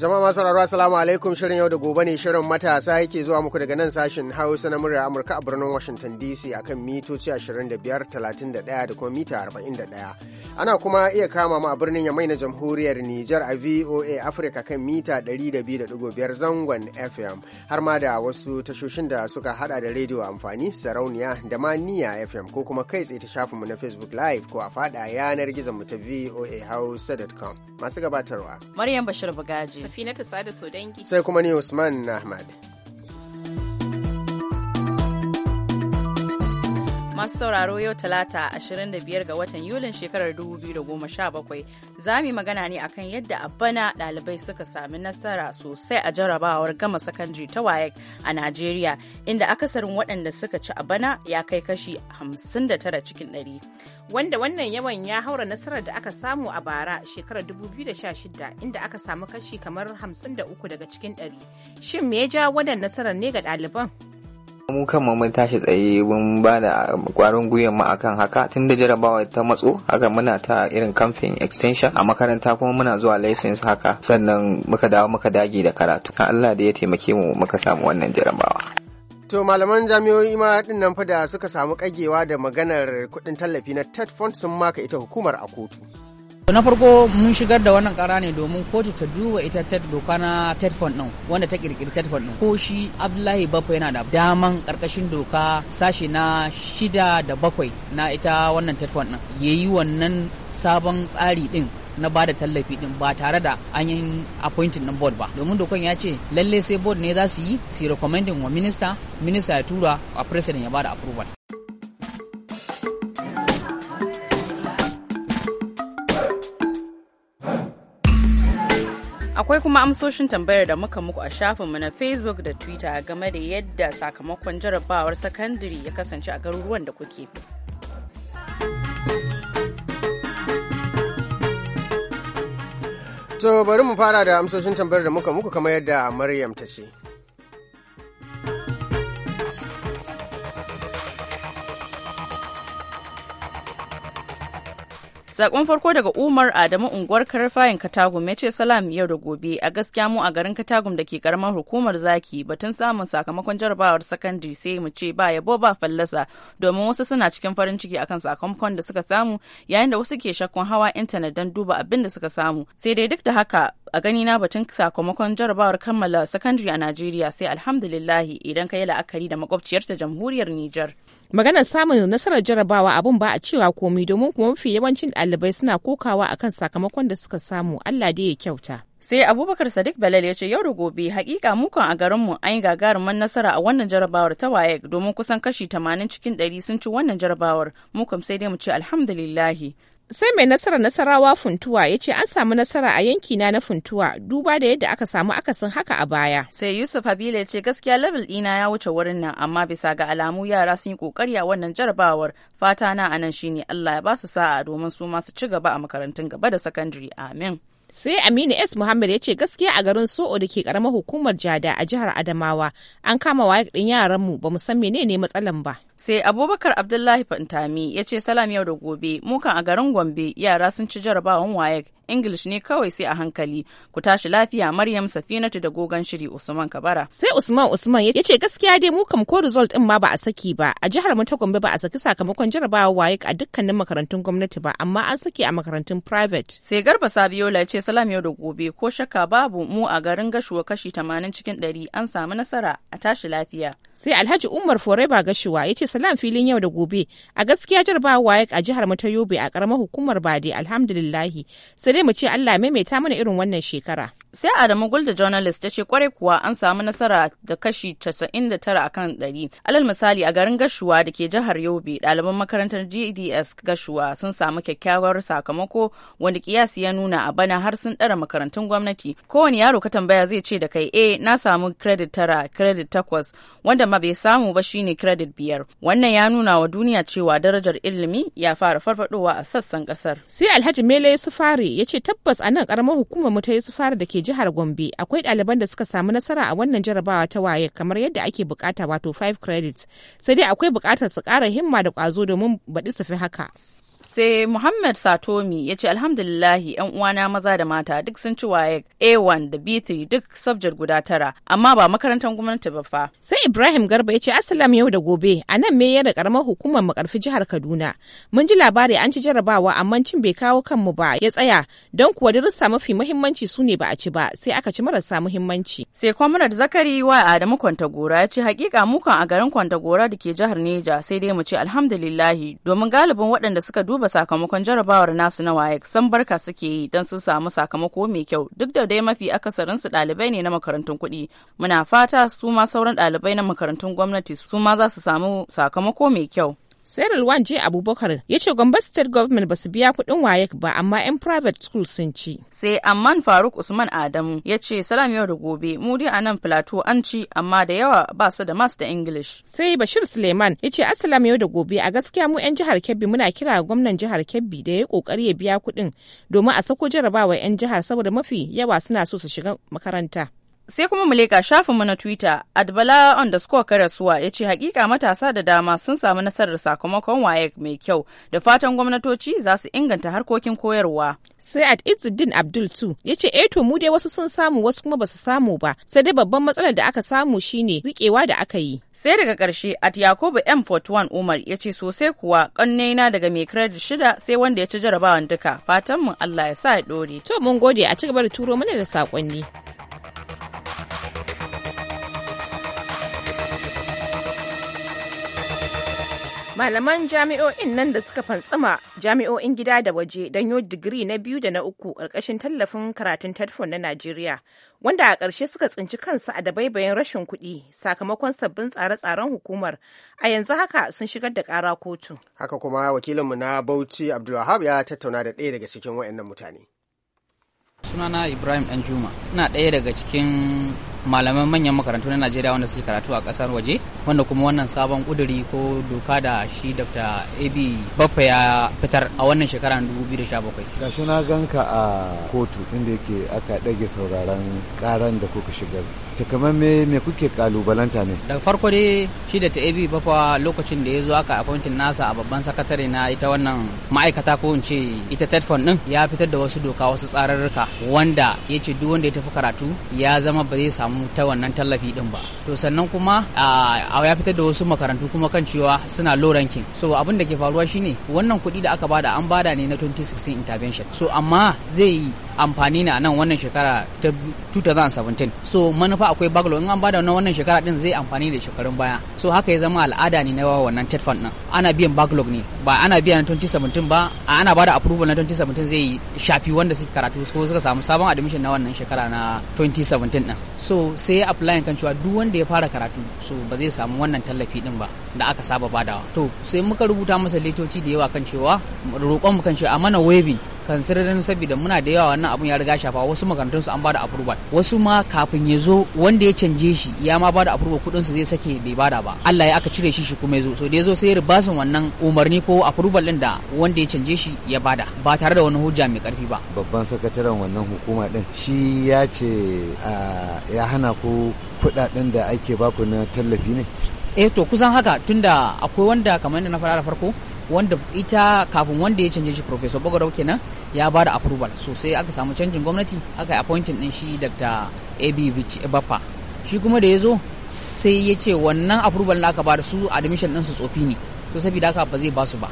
Jama'a masu sauraro Assalamu alaikum shirin yau da gobe ne shirin matasa yake zuwa muku daga nan sashen Hausa na murya Amurka a birnin Washington DC akan mitoci 25, 31 da kuma mita 41. Ana kuma iya kama mu a birnin Yamai na Jamhuriyar Nijar a VOA Africa kan mita 102.5 zangon FM har ma da wasu tashoshin da suka hada da rediyo amfani sarauniya da ma niya FM ko kuma kai tsaye ta shafin mu na Facebook Live ko a fada yanar gizon mu ta voahausa.com masu gabatarwa. Maryam Bashir bagaji. Safina ta sada dangi. Sai kuma ni Usman Ahmad. masu sauraro yau talata 25 ga watan yulin shekarar 2017 za mu magana ne akan yadda a bana ɗalibai suka sami nasara sosai a jarabawar gama sakandare ta wayek a najeriya inda akasarin waɗanda suka ci a bana ya kai kashi 59 cikin 100 wanda wannan yawan ya haura nasarar da aka samu a bara shekarar 2016 inda aka samu kashi kamar 53 daga cikin 100 shin me ya ja wannan nasarar ne ga ɗaliban mu kanmu mun tashi tsaye mun ba da kwarin gwiwar mu akan haka tun da jarabawa ta matso haka muna ta irin kamfen extension a makaranta kuma muna zuwa license haka sannan muka dawo muka dage da karatu kan Allah da ya taimake mu muka samu wannan jarabawa To malaman jami'o'i ma nan fa da suka samu kagewa da maganar kuɗin tallafi na TED Fund sun maka ita hukumar a kotu. na farko mun shigar da wannan kara ne domin kotu ta duba ita ta doka na tetfon din wanda ta kirkiri tetfon din ko shi abdullahi bakwai yana da daman karkashin doka sashi na shida da bakwai na ita wannan tetfon din yayi wannan sabon tsari din na ba da tallafi din ba tare da an yi appointing din board ba domin dokan ya ce lalle sai board ne za su yi su recommending wa minister minister ya tura a president ya ba da approval akwai kuma amsoshin tambayar da muka muku a shafinmu na facebook da twitter game da yadda sakamakon jarabawar sakandare ya kasance a garuruwan da kuke to bari mu fara da amsoshin tambayar da muka muku kamar yadda maryam ta ce Sakon farko daga Umar Adamu unguwar Karfayin Katagum ya ce salam yau da gobe a gaskiya mu a garin Katagum da ke karamar hukumar zaki batun samun sakamakon jarabawar sakandare sai mu ce ba yabo ba fallasa domin wasu suna cikin farin ciki akan sakamakon da suka samu yayin da wasu ke shakkun hawa intanet don duba abin da suka samu sai dai duk da haka a gani na batun sakamakon jarabawar kammala sakandare a Najeriya sai alhamdulillah idan ka yi la'akari da makwabciyar ta jamhuriyar Nijar. maganar samun nasarar jarabawa abun ba a cewa komi domin kuma mafi yawancin ɗalibai suna kokawa akan sakamakon da suka samu allah dai ya kyauta sai abubakar sadiq balal ya ce yau da gobe hakika mukan a garinmu an yi gagarumin nasara a wannan jarabawar ta waye domin kusan kashi 80 cikin 100 sun ci wannan jarabawar mukan sai dai mu ce alhamdulillahi sai mai nasara nasarawa funtuwa ya ce an samu nasara a yankina na funtuwa duba da yadda aka samu akasin haka a baya sai yusuf habila ya ce gaskiya level ɗina ya wuce wurin nan amma bisa ga alamu yara sun yi kokari a wannan jarabawar fata na anan shine allah ya ba su sa'a domin su ma su ci gaba a makarantun gaba da sakandare amin sai aminu s muhammad ya ce gaskiya a garin so'o da ke karamar hukumar jada a jihar adamawa an kama wa din yaran mu bamu san menene matsalan ba sai abubakar abdullahi fantami ya ce salam yau da gobe mukan a garin gombe yara sun ci jarabawan wayek English ne kawai sai a hankali. Ku tashi lafiya Maryam Safinatu da gogan shiri Usman Kabara. Sai Usman Usman ya ce gaskiya dai mu kam ko result din ma ba a saki ba. A jihar mu ta Gombe ba a saki sakamakon jarabawa waye a dukkanin makarantun gwamnati ba amma an saki a makarantun private. Sai Garba Sabiola ya ce salam yau da gobe ko shakka babu mu a garin gashuwa kashi 80 cikin 100 an samu nasara a tashi lafiya. sai alhaji umar foreba gashuwa ya ce salam filin yau da gobe a gaskiya jarabawa a jihar mata yobe a karamar hukumar bade alhamdulillahi sai dai mu ce allah maimaita mana irin wannan shekara sai adamu da journalist ta ce kwarai kuwa an samu nasara da kashi casa'in da 99 akan 100 alal misali a garin gashuwa da ke jihar yobe ɗaliban makarantar gds e gashuwa sun samu kyakkyawar sakamako wanda kiyasi ya nuna a bana har sun ɗara makarantun gwamnati kowane yaro ka tambaya zai ce da kai eh na samu credit tara credit takwas wanda ma bai samu ba shine credit biyar. Wannan ya nuna wa duniya cewa darajar ilimi ya fara farfadowa a sassan kasar. Sai Alhaji Mele Sufari ya ce tabbas a nan karamar hukumar mu ta Yusufari da ke jihar Gombe akwai ɗaliban da suka samu nasara a wannan jarabawa ta waye kamar yadda ake bukata wato 5 credits. Sai dai akwai bukatar su ƙara himma da kwazo domin baɗi su fi haka. sai muhammad satomi ya ce alhamdulillahi yan uwana maza da mata duk sun ci waye a1 da b3 duk subject guda tara amma ba makarantar gwamnati ba fa sai ibrahim garba ya ce asalam yau da gobe a nan me da karamar hukumar makarfi jihar kaduna mun ji labari an ci jarabawa amma cin bai kawo kanmu ba ya tsaya don kuwa darussa mafi muhimmanci su ne ba a ci ba sai aka ci marasa muhimmanci sai kwamnat zakari wa adamu kwantagora ya ce hakika mukan a garin kwantagora da ke jihar neja sai dai mu ce alhamdulillahi domin galibin waɗanda suka duba sakamakon jarabawar nasu na WAEC san barka suke yi don su samu sakamako mai kyau duk da dai mafi akasarin su ɗalibai ne na makarantun kuɗi. Muna fata su ma sauran ɗalibai na makarantun gwamnati su ma za su samu sakamako mai kyau. Cyril Wanje Abubakar ya ce Gombe State Government ba su biya kuɗin wayek ba amma 'yan private school sun ci. Sai Amman Faruk Usman Adamu ya ce salam yau da gobe mu dai anan nan plateau an ci amma da yawa ba su da mas da English. Sai Bashir Suleiman ya ce asalam yau da gobe a gaskiya mu 'yan jihar Kebbi muna kira gwamnan jihar Kebbi da ya kokari ya biya kuɗin domin a sako jarabawa 'yan jihar saboda mafi yawa suna so su shiga makaranta. sai kuma mu leƙa shafinmu na twitter adbala underscore karasuwa ya ce hakika matasa da dama sun samu nasarar sakamakon waye mai kyau da fatan gwamnatoci za su inganta harkokin koyarwa sai at izzuddin abdul tu ya ce eh to mu dai wasu sun samu wasu kuma basu samu ba sai dai babban matsalar da aka samu shine rikewa da aka yi sai daga karshe at yakubu m41 umar ya ce sosai kuwa kannena daga mai credit shida sai wanda ya ci jarabawan duka fatan mu allah ya sa ya dore to mun gode a ci gaba da turo mana da saƙonni. malaman jami'o'in nan da suka fantsama jami'o'in gida da waje don yi digiri na biyu da na uku ƙarƙashin tallafin karatun tedford na najeriya wanda a ƙarshe suka tsinci kansu a dabaibayin rashin kuɗi sakamakon sabbin tsare-tsaren hukumar a yanzu haka sun shigar da ƙara kotu haka kuma wakilinmu na bauchi abdulwahab ya tattauna da ɗaya daga cikin wa'annan mutane sunana ibrahim danjuma ina ɗaya daga cikin malaman manyan makarantu na najeriya wanda suke karatu a kasar waje wanda kuma wannan sabon kuduri ko doka da shi dr ab baffa ya fitar a wannan shekara 2017 gashi na ganka a kotu inda yake aka ɗage sauraron karan da kuka shigar ta kamar me me kuke kalubalanta ne daga farko dai shi da ta ab baffa lokacin da ya zo aka appointin nasa a babban sakatare na ita wannan ma'aikata ko in ce ita tetfon din ya fitar da wasu doka wasu tsararruka wanda ya ce duk wanda ya tafi karatu ya zama ba zai samu samu ta wannan tallafi din ba to sannan kuma a ya fitar da wasu makarantu kuma kan cewa suna low ranking so abin da ke faruwa shine wannan kuɗi da aka bada an bada ne na 2016 intervention so amma zai yi amfani na nan wannan shekara ta 2017 so manufa akwai baglo in an bada na wannan shekara din zai amfani da shekarun baya so haka ya zama al'ada ne na wannan tet fund din ana biyan backlog ne ba ana biya na 2017 ba ana bada approval na 2017 zai shafi wanda suke karatu ko suka samu sabon admission na wannan shekara na 2017 din so sai ya apply kan cewa duk wanda ya fara karatu so ba zai samu wannan tallafi din ba da aka saba badawa to sai muka rubuta masa letoci da yawa kan cewa roƙon mu kan cewa a mana waving kansirin saboda muna da yawa wannan abun ya riga shafa wasu makarantun su an bada approval wasu ma kafin ya zo wanda ya canje shi ya ma bada approval kudin su zai sake bai bada ba Allah ya aka cire shi shi kuma ya zo so da ya zo sai ya ribasin wannan umarni ko approval din da wanda ya canje shi ya bada ba tare da wani hujja mai karfi ba babban sakataren wannan hukuma din shi ya ce ya hana ku kudaden da ake baku na tallafi ne eh to kusan haka tunda akwai wanda kamar yadda na faɗa da farko wanda ita kafin wanda ya canje shi professor bagarau kenan ya ba da approval sosai aka samu canjin gwamnati aka yi appointing din shi dr ab baffa shi kuma da ya zo sai ya ce wannan approval da aka ba da su admission su tsofi ne to saboda haka ba zai ba su ba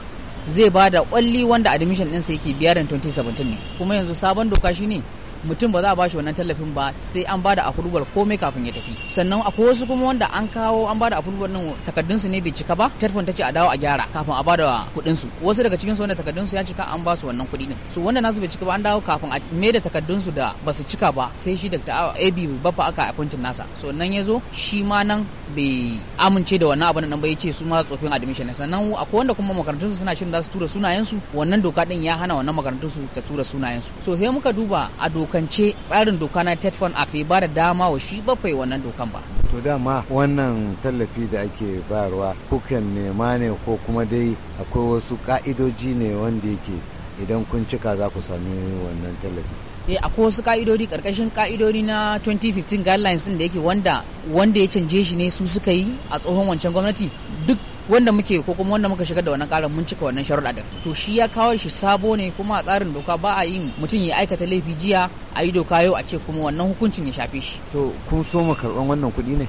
zai ba da only wanda admission su yake biya 2017 ne kuma yanzu sabon doka shi ne. mutum ba za a bashi wannan tallafin ba sai an bada approval komai kafin ya tafi sannan akwai wasu kuma wanda an kawo an bada approval nan takardun su ne bai cika ba tarfon ta ce a dawo a gyara kafin a bada kuɗin su wasu daga cikin su wanda takardun su ya cika an ba su wannan kuɗi din su wanda nasu bai cika ba an dawo kafin a me da takardun su da ba su cika ba sai shi Dr. AB babba aka appointin nasa so nan yazo shi ma nan bai amince da wannan abin nan ba yace su ma tsofin admission sannan akwai wanda kuma makarantun su suna shirin za su tura sunayen su wannan doka din ya hana wannan makarantun su ta tura sunayen su so sai muka duba a doka dokance tsarin doka na tetfon act ba da dama wa shi bakwai wannan dokan ba to dama wannan tallafi da ake bayarwa kukan nema ne ko kuma dai akwai wasu ka'idoji ne wanda yake idan kun cika za ku sami wannan tallafi eh, akwai wasu ka'idodi karkashin ka'idodi na 2015 guidelines din da yake wanda wanda ya canje shi ne su suka yi a tsohon wancan gwamnati duk wanda muke ko kuma wanda muka shiga da wannan karin mun cika wannan sharuɗa din to shi ya kawo shi sabo ne kuma a tsarin doka ba a yin mutum ya aikata laifi jiya a yi doka yau a ce kuma wannan hukuncin ya shafe shi to kun so mu karɓan wannan kuɗi ne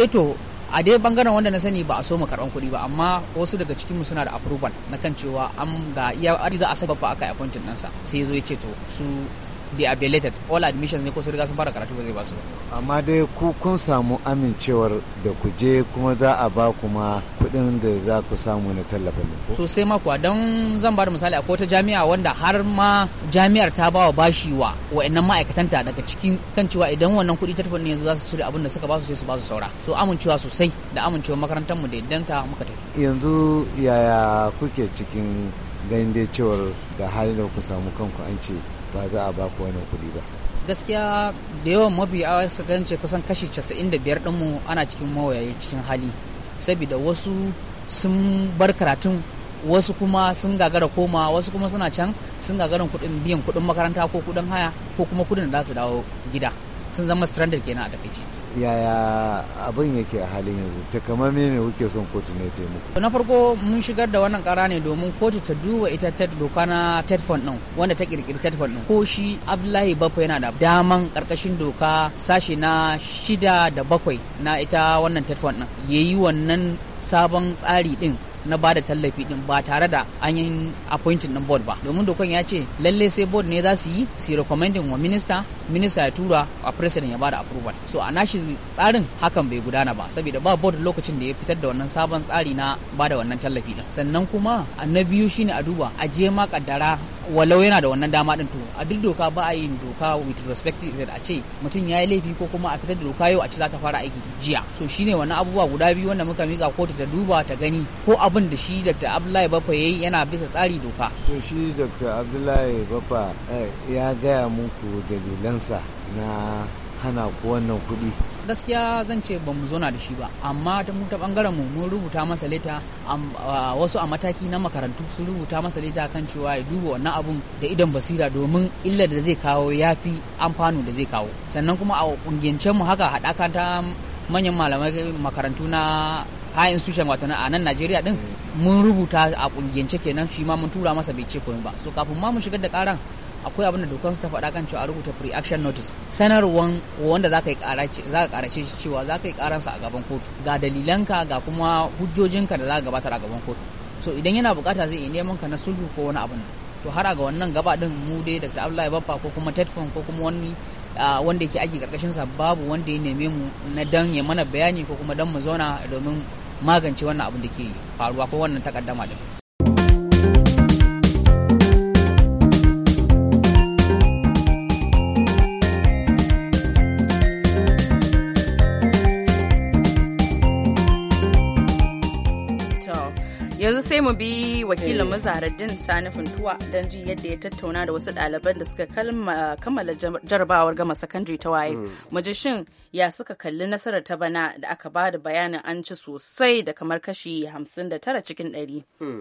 eh to a dai bangaren wanda na sani ba a so mu karɓan kuɗi ba amma wasu daga cikin mu suna da approval na kan cewa an ga iya za a saba ba aka yi appointment sa sai ya zo ya ce to su they are belated all admissions ne ko riga sun fara karatu ba zai ba su amma dai ku kun samu amincewar da ku je kuma za a ba kuma kuɗin da za ku samu na tallafin ne so sai ma kuwa don zan ba da misali akwai wata jami'a wanda har ma jami'ar ta ba wa bashi wa wa'annan ma'aikatanta daga cikin kan cewa idan wannan kuɗi ta tafi ne yanzu za su cire abin da suka ba su sai su ba su saura so amincewa sosai da amincewa makarantar mu da ta muka tafi yanzu yaya kuke cikin ganin dai cewar da halin da ku samu kanku an ce ba za a ba ku wani kuɗi ba gaskiya da yawan mafi mabiya su gance kusan kashi 95 ɗinmu ana cikin mawayayi cikin hali saboda wasu sun bar karatun wasu kuma sun gagara koma wasu kuma suna can sun gagara kuɗin biyan kuɗin makaranta ko kuɗin haya ko kuma kuɗin da za su dawo gida sun zama stranded kenan a takaice yaya abin yake a halin yanzu takamaimai ne kuke son kotu ne taimako na farko mun shigar da wannan kara ne domin kotu ta duba ita ta doka na tetfon din wanda ta kirkiri tetfon din ko shi abdullahi bafa yana da daman karkashin doka sashi na shida da bakwai na ita wannan tetfon din yayi wannan sabon tsari din na ba da tallafi din ba tare da an yi appointing din board ba domin dokon ya ce lalle sai board ne za su yi su recommending wa minister minista ya tura a president ya ba da approval so a nashi tsarin hakan bai gudana ba saboda ba board lokacin da ya fitar da wannan sabon tsari na ba da wannan tallafi din sannan kuma na biyu shine a duba a je ma kaddara walau yana da wannan dama din to a duk doka ba a yin doka with respect to a ce mutum ya yi laifi ko kuma a fitar da doka yau a ce za ta fara aiki jiya so shine wannan abubuwa guda biyu wanda muka mika kotu ta duba ta gani ko abin da shi Dr. Abdullahi ya yi yana bisa tsari doka to shi Dr. Abdullahi bafa eh, ya gaya muku dalilansa na hana ku wannan kuɗi gaskiya zan ce ba mu zona da shi ba amma ta mu ta bangaren mu mun rubuta masa leta wasu a mataki na makarantu sun rubuta masa leta kan cewa ya duba wannan abun da idan basira domin illar da zai kawo yafi amfano da zai kawo sannan kuma a ƙungiyancen mu haka haɗaka ta manyan malamai makarantu na high institution wato a nan Najeriya din mun rubuta a ƙungiyance kenan shi ma mun tura masa bai ce komai ba so kafin ma mu shigar da karan akwai abin da dokar su ta faɗa kan cewa a rubuta pre-action notice sanarwan wanda za ka yi karace shi cewa za ka yi karansa a gaban kotu ga dalilanka ga kuma hujjojinka da za ka gabatar a gaban kotu so idan yana bukata zai iya neman ka na sulhu ko wani abin to har a ga wannan gaba din mu dai da Abdullahi Baffa ko kuma Tetfon ko kuma wani wanda yake aiki karkashin sa babu wanda ya neme mu na dan ya mana bayani ko kuma dan mu zauna domin magance wannan abin da ke faruwa ko wannan takaddama din yanzu sai mu bi wakilin eh. mazaradin sani funtuwa don ji yadda ya tattauna da wasu ɗaliban da suka kammala jarabawar gama sakandare ta waye majishin hmm. ya suka kalli nasarar ta bana da aka ba da bayanin an ci sosai da kamar kashi hamsin da tara cikin 100 hmm.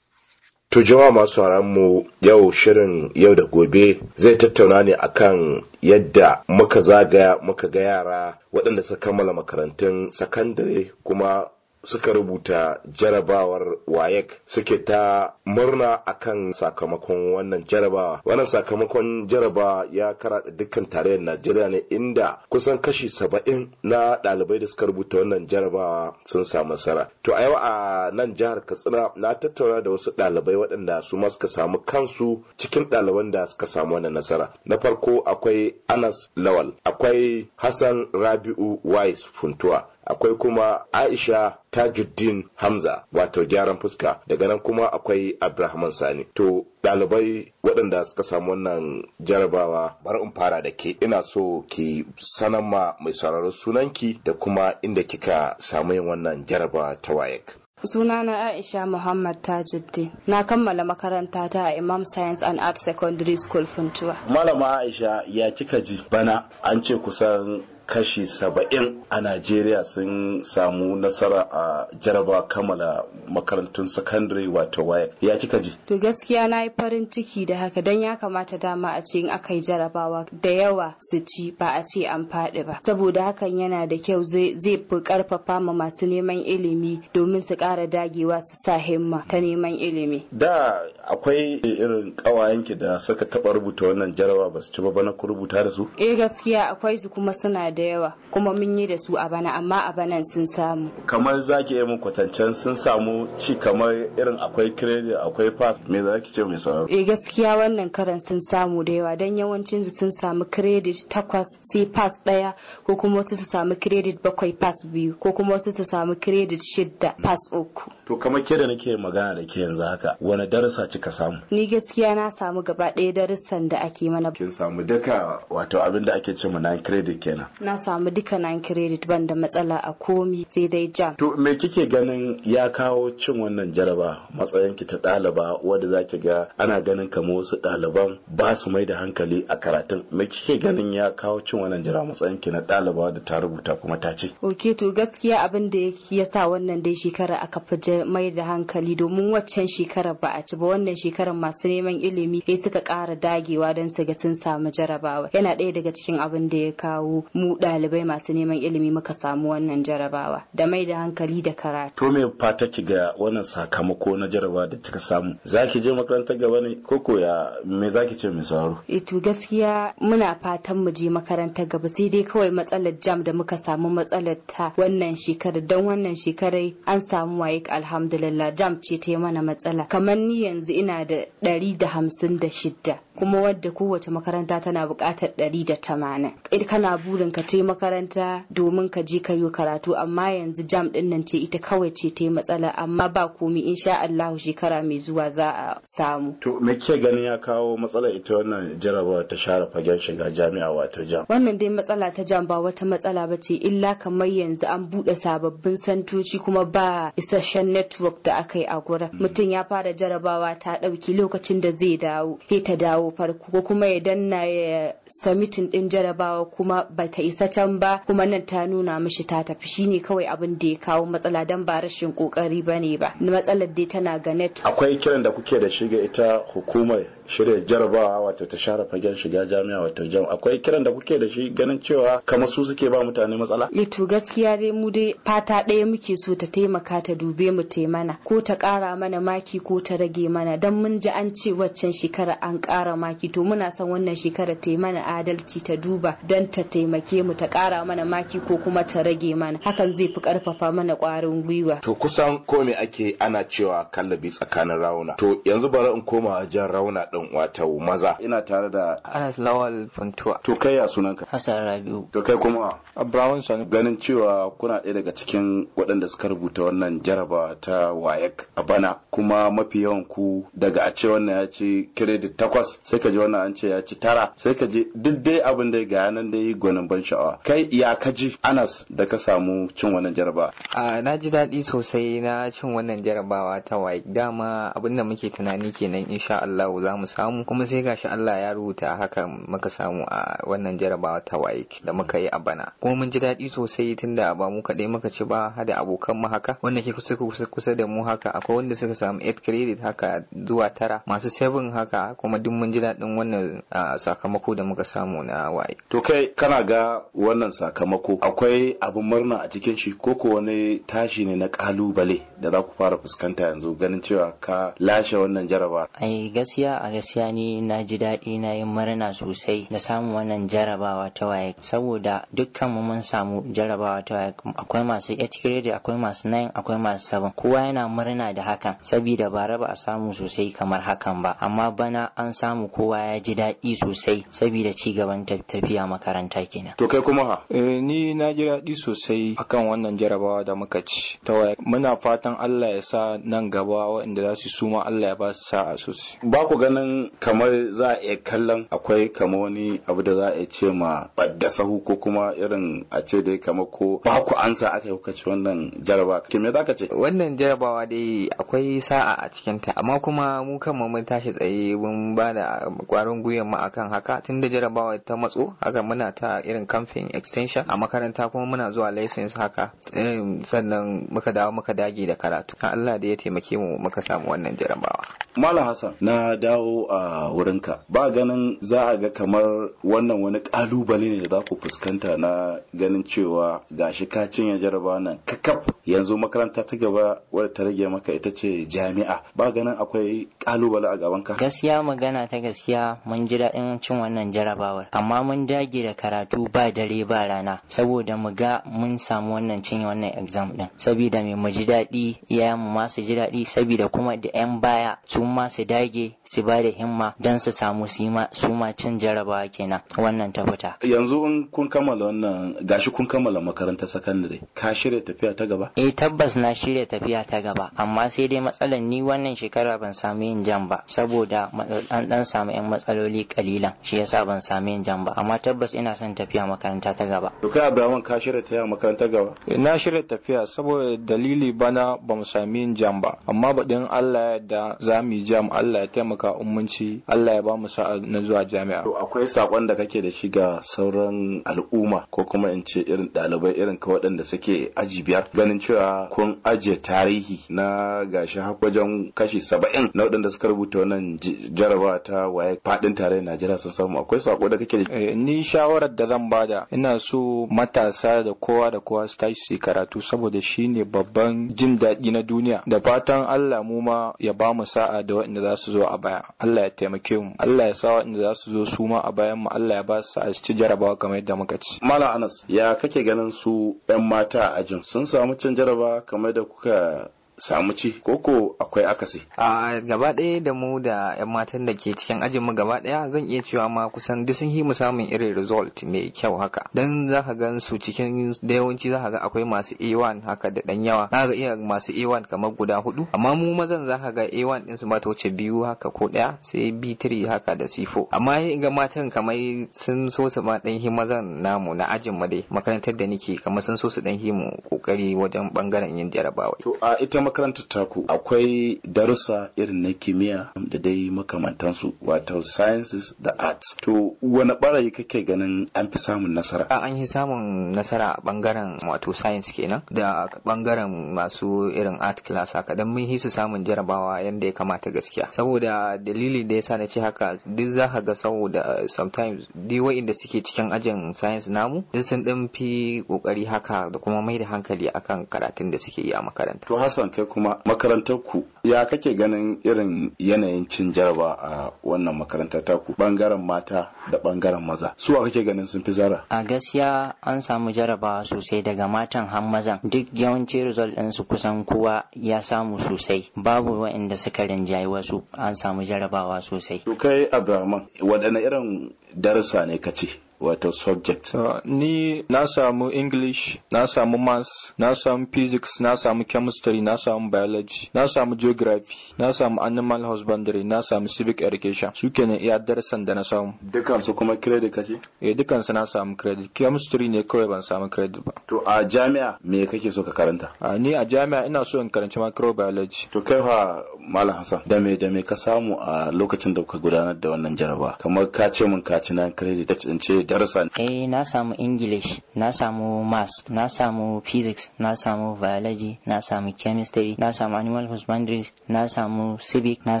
To jama masu mu yau shirin yau da gobe zai tattauna ne akan yadda muka zagaya muka ga yara waɗanda suka kammala makarantun sakandare kuma suka rubuta jarabawar wayek suke ta murna akan sakamakon wannan jarabawa wannan sakamakon jaraba ya kara dukkan tarayyar najeriya ne inda kusan kashi saba'in na ɗalibai da suka rubuta wannan jarabawa sun samu nasara to a yau a nan jihar katsina na tattauna da wasu ɗalibai waɗanda su ma suka samu kansu cikin ɗaliban da suka samu wannan nasara na farko akwai anas lawal akwai hassan rabi'u wais funtuwa akwai kuma Aisha Tajuddin Hamza wato gyaran fuska daga nan kuma akwai abraham Sani to ɗalibai waɗanda suka samu wannan jarabawa bar in fara da ke ina so ki sanar ma mai sauraro sunanki da kuma inda kika samu yin wannan jarabawa ta wayek Sunana Aisha Muhammad Tajuddin. Na kammala makaranta ta a Imam Science and Art Secondary School Funtuwa. Malama Aisha ya kika ji bana an ce kusan kashi saba'in a najeriya sun samu nasara a jaraba kamala makarantun sakandare wato waya e ya kika ji to gaskiya na yi farin ciki da haka don ya kamata dama a ce in aka yi jarabawa da yawa su ci ba a ce an faɗi ba saboda hakan yana da kyau zai fi karfafa ma masu neman ilimi domin su ƙara dagewa su sa himma ta neman ilimi da akwai irin ƙawayenki da suka taɓa rubuta wannan jaraba ba su ci ba na ku rubuta da su eh gaskiya akwai su kuma suna da da yawa kuma mun yi da su a bana amma a banan sun samu kamar zaki yi mun kwatancen sun samu ci kamar irin akwai credit akwai pass me za ki ce mai sauraro eh gaskiya wannan karan sun samu da yawa dan yawancin su sun samu credit takwas sai pass daya ko kuma wasu su samu credit bakwai pass biyu ko kuma wasu su samu credit shidda pass uku to kamar ke da nake magana da ke yanzu haka wani darasa kika samu ni gaskiya na samu gaba ɗaya darussan da ake mana kin samu duka wato abin da ake ce na nine credit kenan na samu duka nan credit ban da matsala a komi sai dai jam to me kike ganin ya kawo cin wannan jaraba matsayin ki ta ɗaliba wadda za ki ga ana ganin kamar wasu ɗaliban ba su mai da hankali a karatun me kike ganin ya kawo cin wannan jaraba matsayin ki na ɗaliba da ta rubuta kuma ta ce ok to gaskiya abin da ya sa wannan dai shekara aka fi mai da hankali domin waccan shekarar ba a ci ba wannan shekarar masu neman ilimi sai suka kara dagewa don su ga sun samu jarabawa yana ɗaya daga cikin abin da ya kawo mu ɗalibai masu neman ilimi muka samu wannan jarabawa da mai da hankali da karatu. To me fata ki ga wannan sakamako na jarabawa da kika samu? Za ki je makarantar gaba ne ko koya me za ki ce mai sauraro? Ito eh gaskiya muna fatan mu je makarantar gaba sai dai kawai matsalar jam da muka samu matsalar ta wannan shekarar don wannan shekarar an samu waye alhamdulillah jam ce ta yi mana matsala kamar ni yanzu ina da ɗari da hamsin da shidda kuma wadda kowace makaranta tana bukatar ɗari da tamanin. Kana burin ka ka tai makaranta domin ka je ka yi karatu amma yanzu jam din nan ce ita kawai ce ta matsala amma ba komi insha Allah shekara mai zuwa za a samu. To me ke ganin ya kawo matsala ita wannan jarabawa ta share fagen shiga jami'a wato jam. Wannan dai matsala ta jam ba wata matsala ba ce illa kamar yanzu an buɗe sababbin santoci kuma ba isasshen network da aka yi a gurin. Hmm. Mutum ya fara jarabawa ta ɗauki lokacin da zai dawo, ta dawo farko ko kuma ya danna ya submitting ɗin jarabawa kuma ba ta isa can ba kuma nan ta nuna mishi ta tafi shine kawai abin da ya kawo matsala dan ba rashin kokari bane ba matsalar dai tana ga net akwai kiran da kuke da shi ga ita hukumar shirya jarabawa wato ta share fagen shiga jami'a wato jam akwai kiran da kuke da shi ganin cewa kamar su suke ba mutane matsala eh to gaskiya dai mu dai fata ɗaya muke so ta taimaka ta dube mu ta mana ko ta ƙara mana maki ko ta rage mana dan mun ji an ce waccan shekara an ƙara maki to muna son wannan shekara ta mana adalci ta duba dan ta taimake mu ta ƙara mana maki ko kuma ta rage mana hakan zai fi ƙarfafa mana ƙwarin gwiwa to kusan ko me ake ana cewa kallabi tsakanin rawuna to yanzu bari in koma jan rauna ɗin wata maza. Ina tare da Anas Lawal Funtuwa. To kai ya sunanka? Hassan Rabiu. To kai kuma? Abraham Sani. Ganin cewa kuna ɗaya daga cikin waɗanda suka rubuta wannan jaraba ta WAEC a bana kuma mafi yawan ku daga a ce wannan ya ci kiredit takwas sai ka ji wannan an ce ya ci tara sai ka ji duk dai abin da ga yanan da yi gwanin ban sha'awa. Kai ya ka ji Anas da ka samu cin wannan jaraba? A na ji daɗi sosai na cin wannan jarabawa ta WAEC dama abin da muke tunani kenan insha Allah za mu mu samu kuma sai gashi Allah ya rubuta haka muka samu a wannan jarabawa ta waik da muka yi a bana kuma mun ji daɗi sosai tunda ba mu kaɗai muka ci ba hada abokan mu haka wanda ke kusa kusa da mu haka akwai wanda suka samu 8 credit haka zuwa tara masu 7 haka kuma duk mun ji daɗin wannan sakamako da muka samu na waik to kai kana ga wannan sakamako akwai abun murna a cikin shi ko ko wani tashi ne na kalubale da za ku fara fuskanta yanzu ganin cewa ka lashe wannan jaraba ai gaskiya a gaskiya ni na ji daɗi na yi murna sosai da samun wannan jarabawa ta waye saboda dukkan mu mun samu jarabawa ta waye akwai masu 8 akwai masu 9 akwai masu sabon, kowa yana murna da hakan saboda ba ba a samu sosai kamar hakan ba amma bana an samu kowa ya ji daɗi sosai saboda ci gaban tafiya makaranta kenan to kai kuma ha eh, ni na ji daɗi sosai akan wannan jarabawa da muka ci ta waye muna fatan Allah ya sa nan gaba waɗanda za su suma Allah ya ba su sa'a sosai ba ku ganin ganin kamar za a iya kallon akwai kama wani abu da za a iya ce ma badda sahu ko kuma irin a ce dai kama ko ba ku ansa aka yi kuka ci wannan jaraba ke me ka ce wannan jarabawa dai akwai sa'a a cikinta amma kuma mu mu mun tashi tsaye mun ba da kwarin gwiwa mu akan haka tunda jarabawa ta matso haka muna ta irin kamfen extension a makaranta kuma muna zuwa license haka irin sannan muka dawo muka dage da karatu Allah da ya taimake mu muka samu wannan jarabawa Malam Hassan na dawo a wurinka ba ganin za a ga kamar wannan wani kalubale ne da za ku fuskanta na ganin cewa gashi ka cinye jaraba nan kakaf yanzu makaranta ta gaba wadda ta rage maka ita ce jami'a ba ganin akwai kalubale a gaban ka gaskiya magana ta gaskiya mun ji daɗin cin wannan jarabawar amma mun dage da karatu ba dare ba rana saboda mu ga mun samu wannan cinye wannan exam din saboda mai mu ji daɗi iyayen mu ma su ji daɗi saboda kuma da 'yan baya su ma su dage su ba da himma don su samu su ma cin jarabawa kenan wannan ta fita yanzu in kun kammala wannan gashi kun kammala makarantar sakandare ka shirya tafiya ta gaba eh tabbas na shirya tafiya ta gaba amma sai dai matsalar ni wannan shekara ban samu yin jan ba saboda an dan samu yan matsaloli kalilan shi yasa ban samu yin jan ba amma tabbas ina son tafiya makaranta ta gaba to kai Abraman ka shirya tafiya makaranta gaba eh, na shirya tafiya saboda dalili bana ba mu sami yin jam ba amma baɗin Allah ya yarda za mu yi jam Allah ya taimaka muhimmanci Allah ya ba mu sa'a na zuwa jami'a. To akwai sakon da kake da shi ga sauran al'umma ko kuma in ce irin ɗalibai irin ka waɗanda suke aji biyar ganin cewa kun ajiye tarihi na gashi har wajen kashi saba'in na waɗanda suka rubuta wannan jarabawa ta waye faɗin tarayyar Najeriya sun samu akwai sako da kake da shi. Eh, ni shawarar da zan bada ina so matasa da kowa da kowa su tashi su karatu saboda shine babban jin daɗi na duniya da fatan Allah mu ma ya ba mu sa'a da waɗanda za su zo a baya. Allah ya taimake mu Allah ya sa waɗanda za su zo su ma a bayan mu Allah ya ba su a ci jarabawa kamar yadda muka ci Malam Anas ya kake ganin su 'yan mata a ajin sun samu cin jaraba kamar da kuka samu ci koko akwai akasi a gaba ɗaya da mu da yan matan da ke cikin ajin mu gaba ɗaya zan iya cewa ma kusan duk sun yi mu samun irin result mai kyau haka dan za ka gan su cikin da yawanci za ka ga akwai masu A1 haka da dan yawa za ka iya masu A1 kamar guda hudu amma mu mazan za ka ga A1 din su ma ta wuce biyu haka ko ɗaya sai B3 haka da C4 amma ga matan kamar sun so su ma dan mazan namu na ajin mu dai makarantar da nake kamar sun so su dan himu kokari wajen bangaren yin jarabawa to a ita makarantar taku akwai darussa irin na kimiyya da dai makamantansu wato sciences da arts to wani barayi kake ganin an fi samun nasara A an yi samun nasara a bangaren wato science kenan da bangaren masu irin art class haka dan mun hisu samun jarabawa yadda ya kamata gaskiya saboda dalili da yasa na ce haka duk za ka ga saboda sometimes dai wa'inda suke cikin ajin science namu duk sun dan fi kokari haka da kuma mai da hankali akan karatun da suke yi a makaranta to Hassan kai kuma makarantar ku ya kake ganin irin yanayin cin jaraba a wannan makaranta taku bangaren mata da bangaren maza suwa kake ganin sun fi zara a gaskiya an samu jaraba sosai daga matan har mazan duk yawanci result din su kusan kowa ya samu sosai babu waɗanda suka rinjayi wasu an samu jarabawa sosai to kai abdulrahman waɗanne irin darasa ne kace wato subject so, ni na samu english na samu maths na samu physics na samu chemistry na samu biology na samu geography na samu animal husbandry na samu civic education su kenan iya darasan da na samu dukansu kuma credit kace eh dukansu na samu credit chemistry ne kawai ban samu credit ba to a jami'a me kake so ka karanta a ni a jami'a ina so in karanci microbiology to kai fa malam hassan da me da me ka samu a lokacin da kuka gudanar da wannan jaraba kamar ka ce mun ka ci nan credit in ce darasa eh na samu english na samu maths na samu physics na samu biology na samu chemistry na samu animal husbandry na samu civic na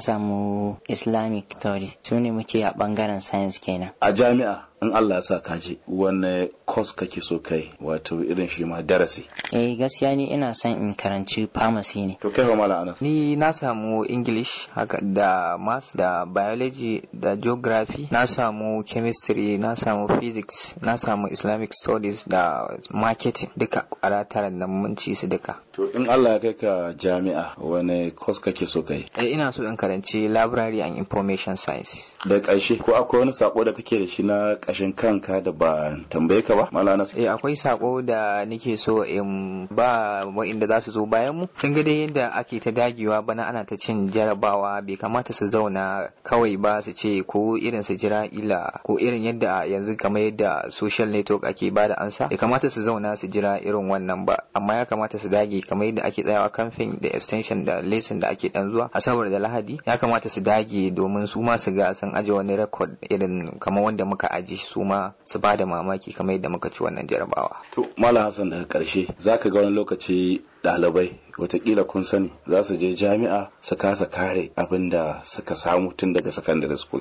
samu islamic studies su ne muke a bangaren science kenan a jami'a in Allah ya sa ka je wani course kake so kai wato irin shi ma darasi eh gaskiya ni ina son in karanci pharmacy ne to kai fa Anas ni na samu English haka da math da biology da geography na samu chemistry na samu physics na samu Islamic studies da marketing duka a rataran da mun ci su duka To in Allah ya kai ka jami'a wani kos kake so kai? Eh ina so in karanci Library and Information Science. Da ƙarshe ko akwai wani sako da kake da shi na ƙashin kanka da ba tambaye ka ba? na Eh akwai sako da nake so in ba wa'inda za su zo bayan mu. Sun ga dai yadda ake ta dagewa bana ana ta cin jarabawa bai kamata su zauna kawai ba su ce ko irin su jira ila ko irin yadda yanzu kamar yadda social network ake ba da ansa. Bai kamata su zauna su jira irin wannan ba amma ya kamata su dage kamar yadda ake tsayawa kamfen da extension da lesson da ake dan zuwa asabar da lahadi ya kamata su dage domin su ma su ga sun aje wani record irin kamar wanda muka aji su ma su ba da mamaki kamar yadda muka ci wannan jarabawa to malam hassan daga karshe za ka ga wani lokaci ɗalibai watakila kun sani za su je jami'a su kasa kare abin da suka samu tun daga secondary school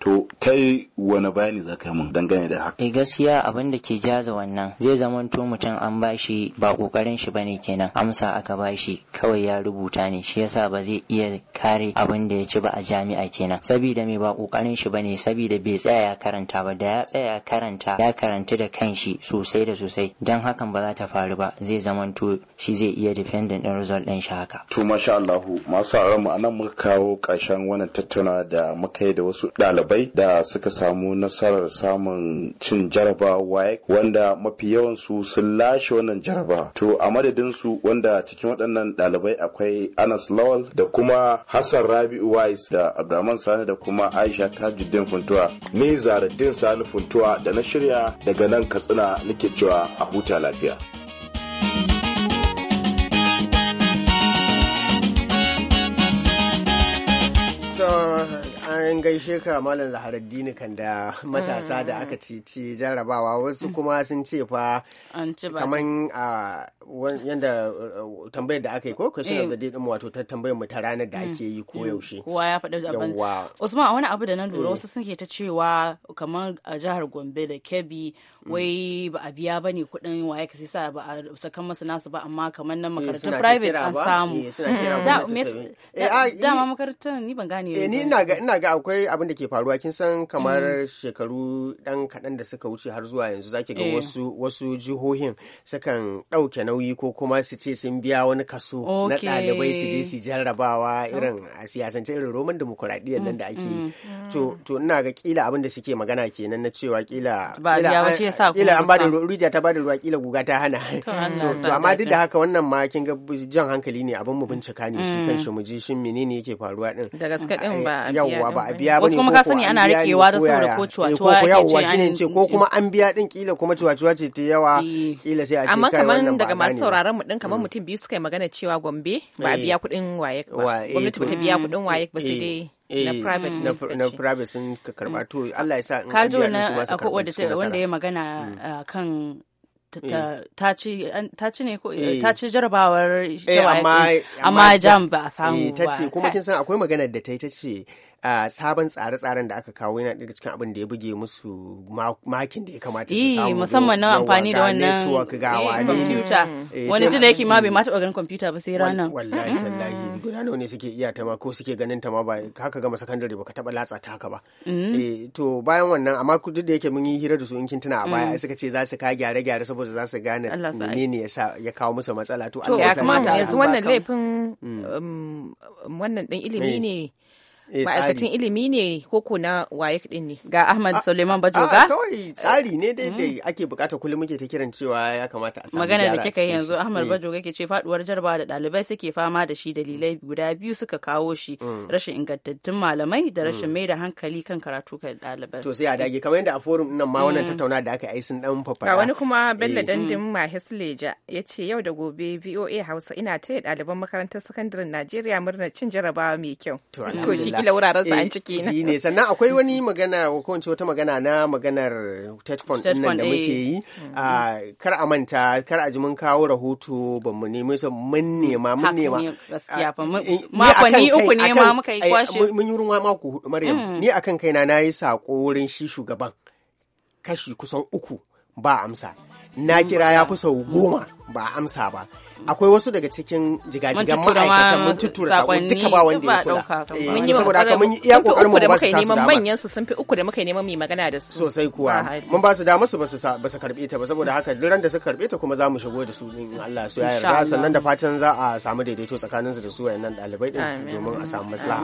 to kai wani bayani za ka mun dangane da haka eh, gaskiya abin da ke jaza wannan zai zamanto mutum an bashi ba kokarin shi bane kenan amsa aka bashi kawai ya rubuta ne shi yasa ba zai iya kare abin da ya ci ba a jami'a kenan saboda mai ba kokarin shi bane saboda bai tsaya ya karanta ba da ya tsaya ya karanta ya karanta da kanshi sosai da sosai dan hakan ba za ta faru ba zai to shi zai iya defending din result din shi haka to masha Allahu masu mu anan muka kawo ƙarshen wannan tattaunawa da muka yi da wasu ɗalibai ɗalibai da suka samu nasarar samun cin jaraba waye wanda mafi yawansu sun lashe wannan jaraba to a madadin su wanda cikin waɗannan ɗalibai akwai anas lawal da kuma hassan rabi'u wais da abdulrahman sani da kuma aisha tajuddin funtuwa ni zaradin sani funtuwa da na shirya daga nan katsina nake cewa a huta lafiya bayan gaishe ka malam zaharaddini kan da matasa da mm. aka ci jarabawa jarrabawa wasu kuma sun ce fa kaman ah, yanda uh, tambayar da aka yi ko question of the day din wato ta tambayar mu ta ranar da mm. ake yi ko mm. yaushe kowa ya faɗi abin Usman a wani abu da na lura eh. wasu sun ke ta cewa kamar a jihar Gombe da Kebbi mm. wai ba a biya bane kuɗin waye ka sai sa ba a sakan masu nasu ba amma kamar nan eh, makarantun private an samu eh, dama makarantun ni ban gane ni ina ga ina ga akwai abin da ke faruwa kin san kamar shekaru dan kaɗan da suka wuce har zuwa yanzu zaki ga wasu wasu jihohin sukan ɗauke na nauyi ko kuma su ce sun biya wani kaso na ɗalibai su je su jarrabawa irin a siyasance irin roman demokuraɗiyyar nan da ake yi mm, mm, mm. to ina ga kila abin da suke magana kenan na cewa kila kila an bada rija ta bada ruwa kila guga ta hana to amma duk da haka wannan ma kin ga jan hankali ne abin mu bincika ne shi kanshi mu ji shin menene yake faruwa din da gaske din ba a yawwa ba a biya ba ne kuma ka sani ana rikewa da saboda ko cuwa-cuwa eh, ko shine ce ko kuma an biya din kila kuma cuwa-cuwa ce ta yawa kila eh. sai a ce kai wannan ba masu sauraron mu din kamar mm. mutum biyu suka yi magana cewa Gombe ba a eh. biya kuɗin wayek ba. Eh, Gwamnati ba ta biya kuɗin wayek ba eh, sai dai na private mm. na, private sun ka karba mm. to Allah ya sa in biya musu masu karba. Kajo akwai wanda ya magana uh, kan Eh. ta ci ne ko eh, eh. ta ci jarabawar amma jam ba a samu ba. Ta ce kuma kin san akwai maganar da ta yi ta ce ah, sabon tsare-tsaren da aka kawo yana daga cikin abin da ya buge musu makin da ya kamata su samu. musamman na amfani da wannan kwamfuta. Wani jin da yake ma bai ma taɓa ganin kwamfuta ba sai ranar. Wallahi mm. tallahi guda nawa ne suke iya ta ma ko suke ganin ta ma ba haka gama sakandare ba ka taɓa latsa ta haka ba. Mm. To bayan wannan amma duk da yake mun yi hira da su in kin tuna a baya mm. suka ce za su ka gyare-gyare saboda saboda za su gane menene ya kawo musu matsala to Allah ya kamata yanzu wannan laifin mm. um, wannan dan ilimi ne Eh, ma'aikacin ilimi ne ko ko na waye din ne ga ahmad suleiman bajoga kawai tsari ne mm-hmm. dai ake bukata kullum muke ta kiran cewa ya kamata a magana da kika yanzu ahmad eh. bajoga ke ce faduwar jarba da dalibai suke fama da shi dalilai guda biyu suka kawo shi mm. rashin ingantattun malamai da mm. rashin mai da hankali kan karatu kan dalibai to sai a dage kamar yadda a forum nan ma wannan mm. tattauna da aka yi sun dan fafara wani kuma bello eh. dandin mahis leja ya ce yau da gobe voa hausa ina taya ɗaliban makarantar sakandaren najeriya murnar cin jarabawa mai kyau to watakila wuraren sa an eh, ciki na ne sannan akwai wani magana ko wace wata magana na maganar tetfon din nan da muke eh. yi mm. ah, kar a manta kar a ji mun kawo rahoto ba mu nemi sa mun nema mun nema gaskiya fa ah, eh, makonni uku ne ma muka yi kwashe mun yi ruwa mako hudu maryam mm. ni akan kaina yi sako wurin shi shugaban kashi kusan uku ba amsa na mm. kira ya fi sau goma ba a amsa ba akwai wasu daga cikin jigajigan ma'aikatan mun tuttura sakon duka ba wanda ya kula eh, saboda haka mun yi iya kokarin mu ba su tasu dama manyan su sun fi uku da muka neman mu magana da su sosai kuwa mun ba su dama su ba su karbe ta ba saboda haka duk ran da suka karbe ta kuma za mu shigo da su in Allah su ya yarda sannan da fatan za a samu daidaito tsakanin su da su wayannan dalibai din domin a samu maslaha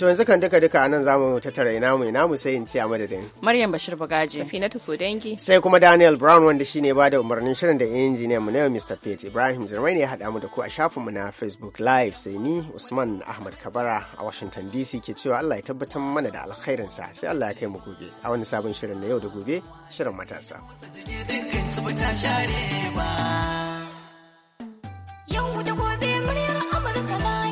to yanzu kan duka duka anan zamu tattara ina mu ina mu sai in ciya a madadin Maryam Bashir Bagaji Safinatu Sodangi sai kuma Daniel Brown wanda shine ba da umarnin shirin da injiniyan mu na yau Mr. Faith Ibrahim Jirmai ne ya haɗa mu da ku a shafinmu na Facebook Live sai ni Usman Ahmad Kabara a Washington DC ke cewa Allah ya tabbatar mana da alkhairinsa sai Allah ya kai mu gobe a wani sabon shirin na yau da gobe shirin matasa. Yau da